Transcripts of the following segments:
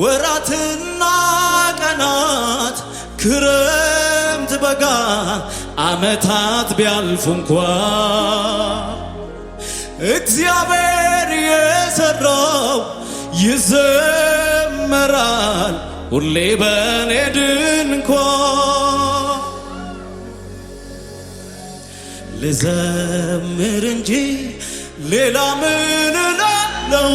ወራትና ቀናት ክረምት በጋ ዓመታት ቢያልፉ እንኳ እግዚአብሔር የሰራው ይዘመራል ሁሌ በኔ ድንኳ ልዘምር እንጂ ሌላ ምን እላለሁ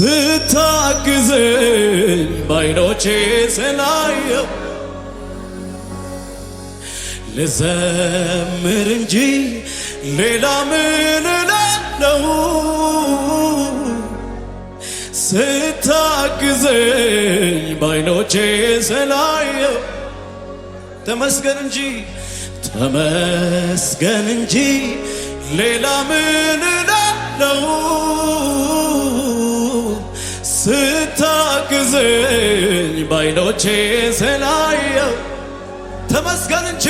ስታግዘኝ ባይኖቼ ስላየው ልዘምር እንጂ ሌላ ምን እላለው? ስታግዘኝ ባይኖቼ ስላየው ተመስገን እንጂ ተመስገን እንጂ ሌላ ምን እላለው? ስታግዘኝ ባይኖቼ ስላየው ተመስገን እንጂ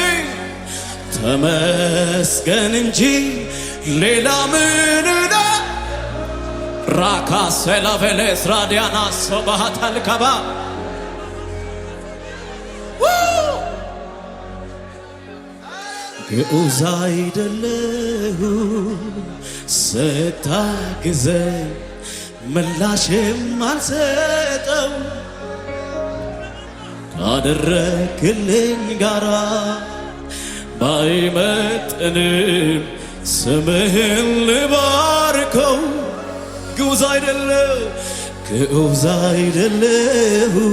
ተመስገን እንጂ ሌላ ምን ራካ ሰላቬሌስ ራዲያና ሶባሃታልከባ ግዑዝ አይደለሁ ስታግዘኝ ምላሽም አልሰጠው ካደረክልኝ ጋራ ባይመጥንም ስምህን ልባርከው። ግዑዝ አይደለሁ ግዑዝ አይደለሁ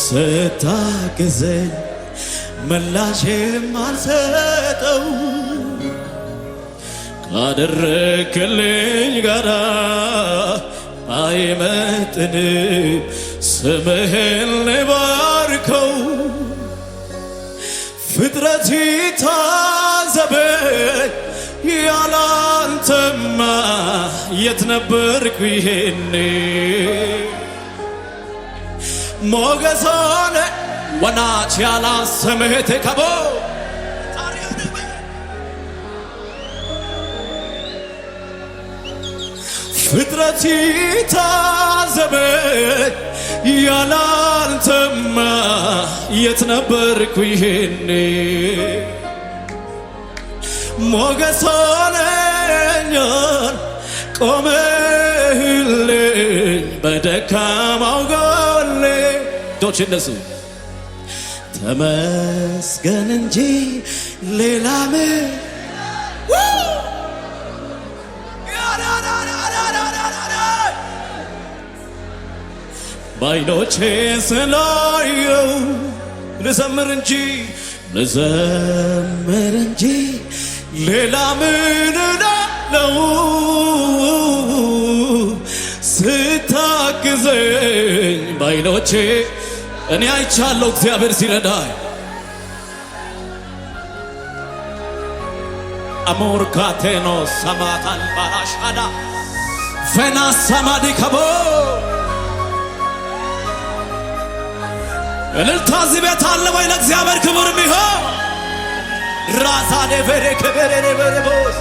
ስታግዘኝ ምላሽም አልሰጠው አደረክልኝ ጋራ አይመጥን ስምህን ባርከው ፍጥረት ታዘበ ያላንተማ የት ነበርኩ ይሄኔ ሞገሳነ ወናች ያላ ስምህ ተከቦ ፍጥረት ይታዘበኝ ያላንተማ የት ነበርኩ ይሄኔ ሞገስ ሆነኛል ቆመህልኝ በደካማው ጎሌ ዶች እነሱ ተመስገን እንጂ ሌላ ምን ባይኖቼ ስላየው ልዘምር እንጂ ልዘምር እንጂ ሌላ ምን እላለሁ ስታግዘኝ ባይኖቼ እኔ አይቻለሁ እግዚአብሔር ሲረዳኝ አሞር ካቴኖ ሰማታን ባላሻዳ ፈና ሰማዲ ከቦ እልልታ እዚህ ቤት አለ ወይ? ለእግዚአብሔር ክብር ይሁን። ራሳ ኔፌሬ ክብሬ ኔበሬቦስ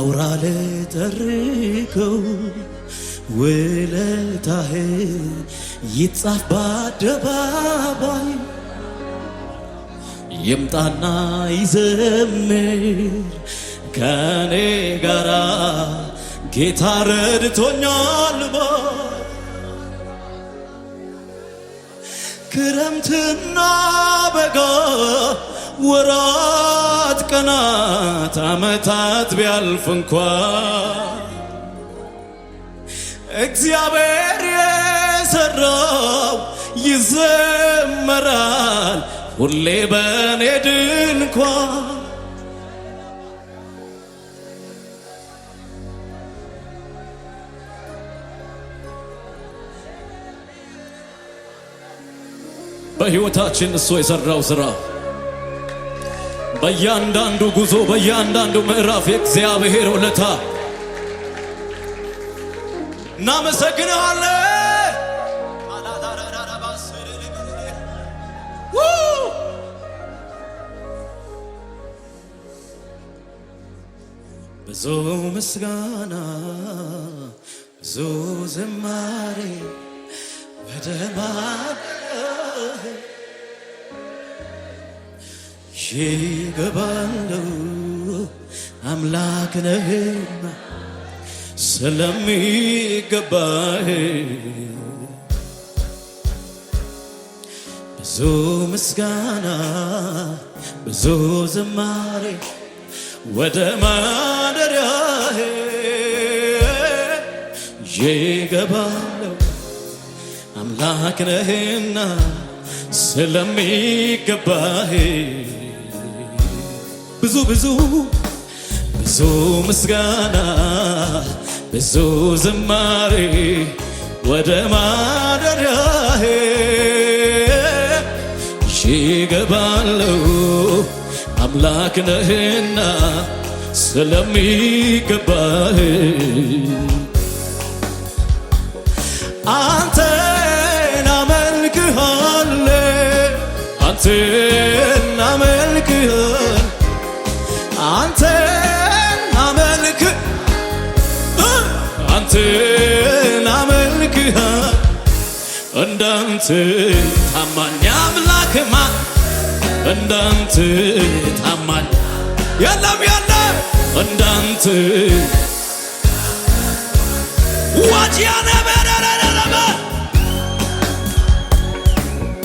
አውራ ልጠርከው ውለታህን ይጻፍ በአደባባይ ይምጣና ይዘምር ከኔ ጋራ ጌታ ረድቶኛል። ክረምትና በጋ ወራት ቀናት ዓመታት ቢያልፍ እንኳ እግዚአብሔር የሰራው ይዘመራል ሁሌ በኔ ድንኳን በሕይወታችን እሱ የሠራው ሥራ በእያንዳንዱ ጉዞ በእያንዳንዱ ምዕራፍ የእግዚአብሔር ውለታ እናመሰግንሃለን። ብዙ ምስጋና ብዙ ዝማሬ በደማ ይገባለው አምላክ ነህና ስለሚገባህ ብዙ ምስጋና ብዙ ዝማሬ ወደ ማደሪያህ ይገባለው አምላክ ነህና ስለሚገባህ ብዙ ብዙ ብዙ ምስጋና ብዙ ዝማሬ ወደ ማደሪያህ ይገባለው አምላክ ነህና ስለሚገባህ እንዳንተ ታማኝ አምላክ ማን እንዳንተ ታማኝ የለም ያለ እንዳንተ ዋጅያነ በደረረበ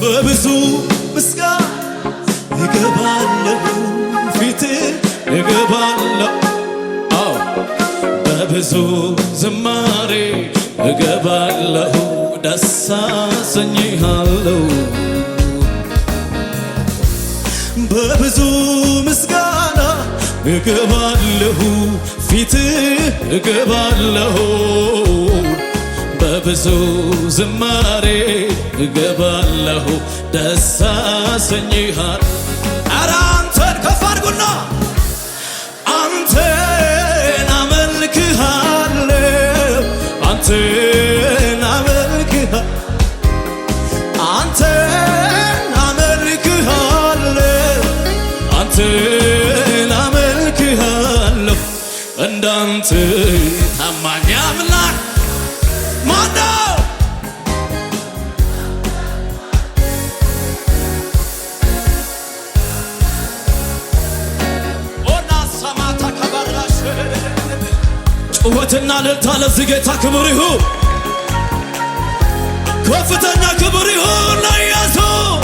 በብዙ ምስጋ እገባለሁ ፊት እገባለሁ አዎ በብዙ ዝማሬ እገባለሁ ደስ በብዙ ምስጋና እገባለሁ ፊት እገባለሁ በብዙ ዝማሬ እገባለሁ ደስ አሰኝሃል አረ አንተን ከፍ አድርጉና አንተን አመልክሃለሁ አንተ በእውነት ታማኝ አምላክ ማነው? ጩኸትና እልልታ ለዚህ ጌታ ክብር ይሁን፣ ከፍተኛ ክብር ይሁን ለኢየሱስ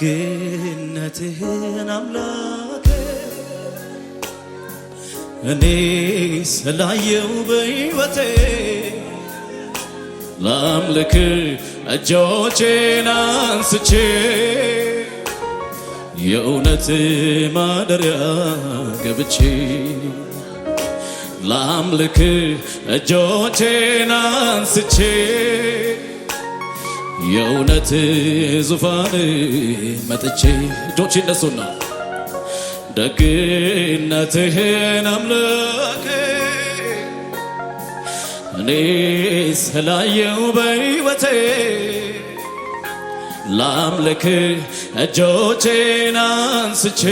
ደግነትህን አምላክ እኔ ስላየው በሕይወቴ ላምልክ እጆቼን አንስቼ የእውነት ማደሪያ ገብቼ ላምልክ እጆቼን አንስቼ የእውነት ዙፋን መጥቼ እጆች እነሱና ደግነትህን አምላክ እኔ ስላየው በሕይወቴ ላምልክ እጆቼን አንስቼ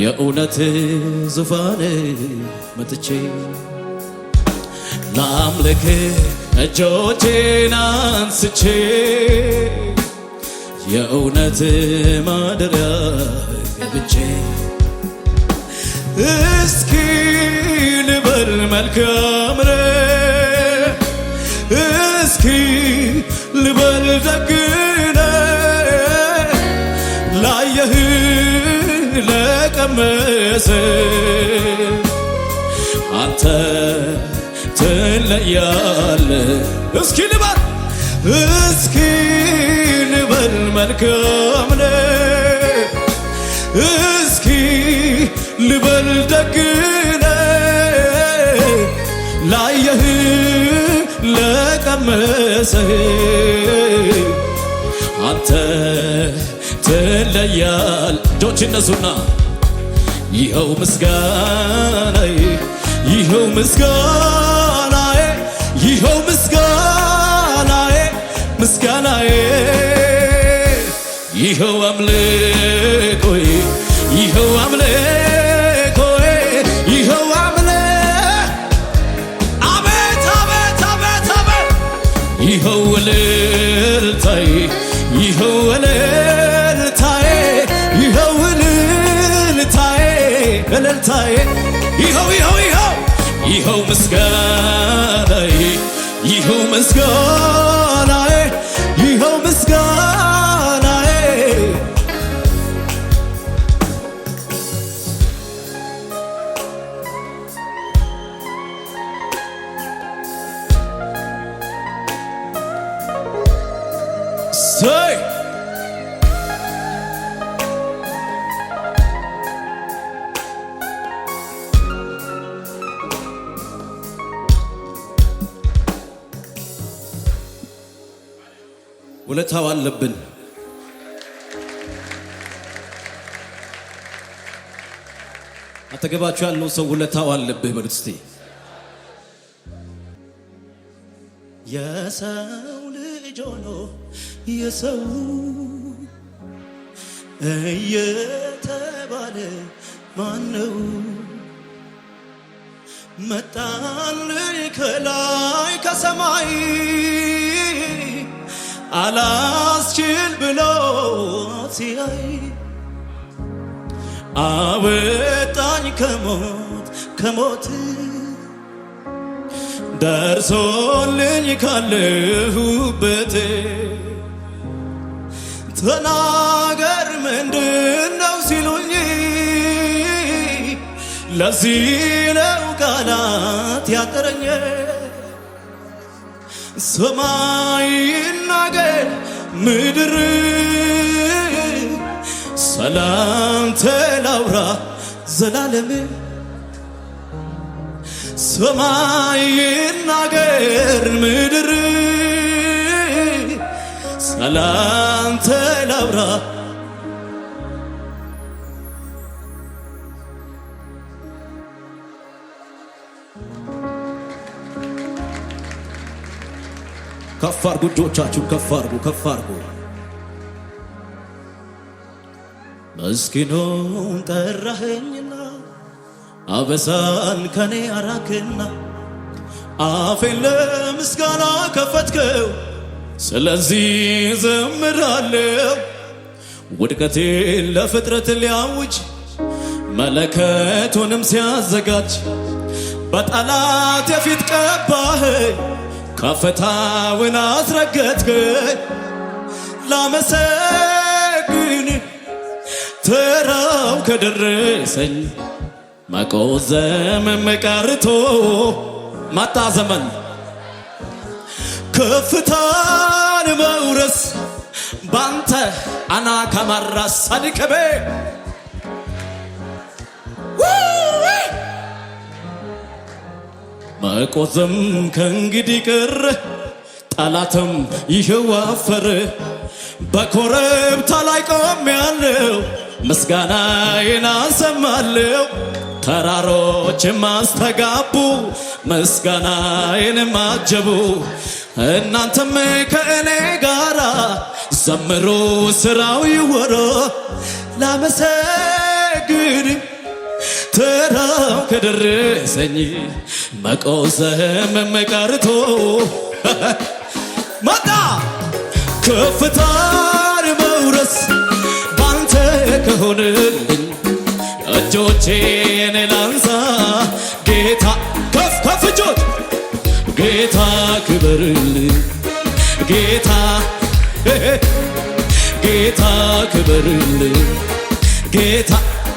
የእውነት ዙፋን መጥቼ ላምልክ እጆቼን አንስቼ የእውነት ማደሪያ ገብቼ እስኪ ልበል መልካም እስኪ ልበል ደግነ ላየህ ለቀመሰ አንተ ትለያለ እስኪ ልበል እስኪ ልበል መልካም ነ እስኪ ልበል ደግነ ላየህ ለቀመሰህ አንተ ትለያል እጆች ይኸው ምስጋና ይኸው ምስጋና ይኸው ምስጋናዬ ምስጋናዬ ይኸው አምልኮዬ ይኸው አምልኮዬ ይኸው አምል አቤት አቤት አቤት አቤት ይኸው እልልታዬ ይኸው እልልታዬ ይኸው እልልታዬ ወለልታዬ ይኸው ይኸው ይኸው ይኸው ምስጋናዬ You humans go. አለብን። አጠገባችሁ ያለው ሰው ውለታው አለብህ በሉት እስቲ። የሰው ልጅ ሆኖ የሰው እየተባለ ነው? መጣልን ከላይ ከሰማይ አላስችል ብሎ ሲያይ አወጣኝ ከሞት ከሞት ደርሶልኝ ካለሁበት ተናገር ምንድን ነው ሲሉኝ ለዚህ ነው ቃላት ያጠረኝ ሰማይ ሀገር ምድር ሰላም ተላውራ ዘላለም ሰማይ ናገር ምድር ሰላም ተላውራ ከፍ አርጉ፣ እጆቻችሁን ከፍ አርጉ፣ ከፍ አርጉ። ምስኪኑን ጠራኸኝና አበሳን ከኔ አራክና አፌን ለምስጋና ከፈትከው፣ ስለዚህ ዘምራለው። ውድቀቴን ለፍጥረት ሊያውጅ መለከቱንም ሲያዘጋጅ በጠላት የፊት ቀባህ ከፍታውን አስረገጥክ ላመሰግን ተራው ከደረሰኝ መቆዘም መቀርቶ ማጣ ዘመን ከፍታን መውረስ ባንተ አና ከማራሳድከቤ መቆዘም ከእንግዲህ ቀረ፣ ጠላትም ይኸው በኮረብታ ላይ ቆም ያለው ምስጋናዬን አሰማለሁ። ተራሮች ማስተጋቡ ምስጋናዬን ማጀቡ። እናንተም ከእኔ ጋራ ዘምሩ ስራው ይወሮ ላመሰግን ተራው ከደረሰኝ መቆዘም መቀርቶ መጣ ከፍታን መውረስ ባንተ ከሆንልኝ እጆቼን ላንሳ ጌታ ከፍ ከፍ እጆች ጌታ ክበርልኝ ጌታ ጌታ ክበርልኝ ጌታ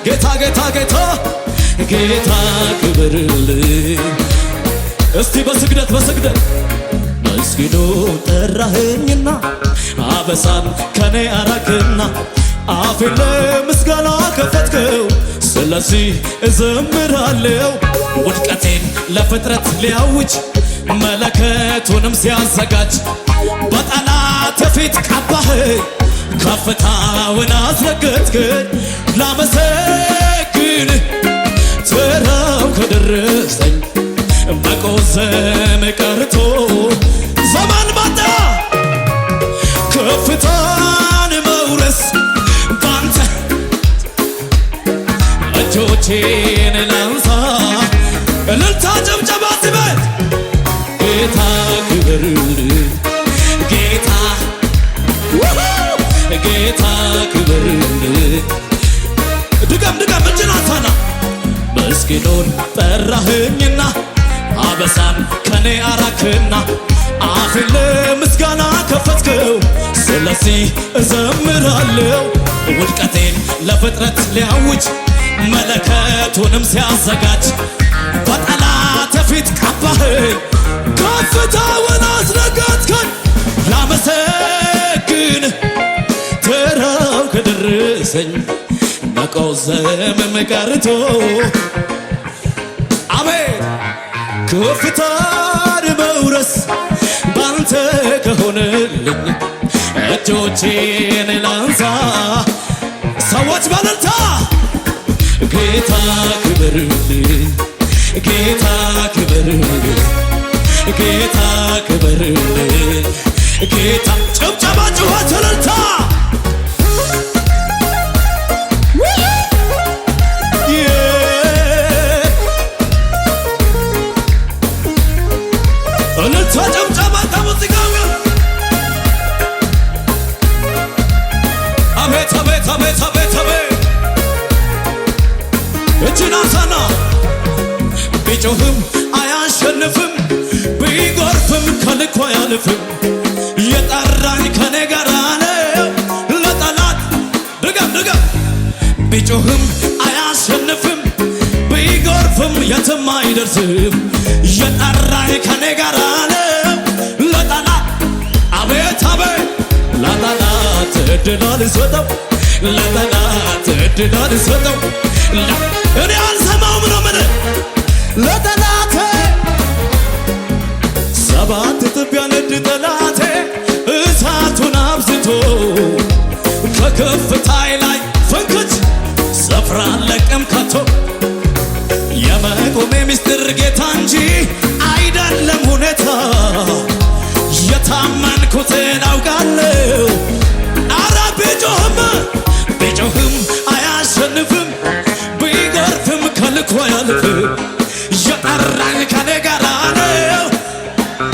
ጌታ ጌታ ጌታ ጌታ ክብርልኝ እስቲ በስግደት በስግደት መስጊዱ ጠራህኝና አበሳን ከኔ አራክና አፌን ለምስጋና ከፈትከው፣ ስለዚህ እዘምራለሁ። ውድቀቴን ለፍጥረት ሊያውጅ መለከቱንም ሲያዘጋጅ በጠላት ፊት ቀባህ ከፍታውን አስረገጥክን ላመሰግን ተራው ከደረሰኝ መቆዘም ቀርቶ ዘመን ባጣ ከፍታን መውረስ ባንተ እጆቼን ላንሳ እልልታ ጨብጨባ ስበት ጌታ ክብርን ለጌታ ክብር ድገም ድገም እጅናታና ምስኪኑን ጠራህኝና አበሳን ከኔ አራክና አፍን ለምስጋና ከፈትከው፣ ስለዚህ እዘምራለሁ። ውድቀቴን ለፍጥረት ሊያውጅ መለከቱንም ሲያዘጋጅ በጠላት ፊት ቀባኸኝ፣ ከፍታውን አስረገጥከኝ ላመሰግንህ ተራው ከደረሰኝ ነቀው ዘመም ቀርቶ አቤት ከፍታን መውረስ ባንተ ከሆነልኝ እጆቼን ላንሳ ሰዎች በልልታ ጌታ ክበርልኝ ጌታ ክበርልኝ ጌታ ክበርልኝ ጌታ ጭብጨባ ጩኸት እልልታ እልልታ ጨብጨባ ከሙዚቃው አቤት አቤት አቤት አቤት አቤት እጅን አሳና ቢጮህም አያሸንፍም ቢጎርፍም ከልኮ አያልፍም የጠራኝ ከኔ ጋር አለ ለጠላት ድገም ድገም ቢጮህም አያሸንፍም የትም አይደርስም። የጠራህ ከኔ ጋር ነው። ለጠላት አቤት አቤት ለጠላት ዕድል ሰጠው፣ ለጠላት ዕድል ሰጠው። እኔ አልሰማውም ነው ምን ለጠላት ሰባት ትቢያ ነድ ጠላቴ እሳቱን አብዝቶ ከከፍታዬ ላይ ፈንክች ሰፍራል የሚስጥር ጌታ እንጂ አይደለም ሁኔታ የታመንኩትን አውቃለሁ። አረ ቢጮህም ቢጮህም አያሸንፍም ቢገርፍም ከልኮ ያልፍ የጠራኝ ከኔ ጋር ነው።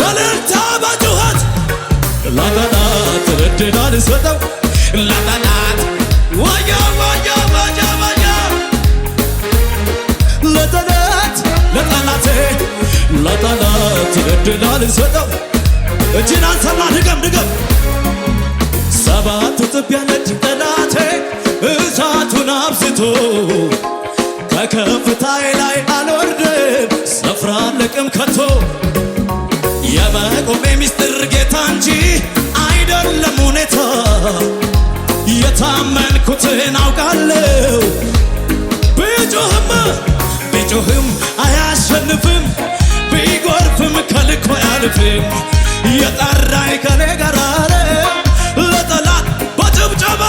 በልልታ በጩኸት ላገና ትዕድል አልሰጠው ጠላት ይገድላል ሰጠው እጅን አንሳና ድገም ድገም ጠላቴ እሳቱን አብዝቶ ከከፍታዬ ላይ አልወርድም ስፍራ አለቅም ከቶ የመቆሜ ሚስጥር ጌታ እንጂ አልፌ የጠራኝ ከኔ ጋር አለ ለጠላት በጭብጨባ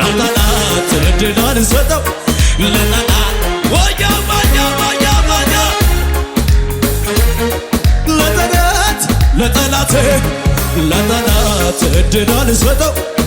ለጠላት ትድል አልሰጠው ለጠላት ለጠላት ለጠላት እድል አልሰጠው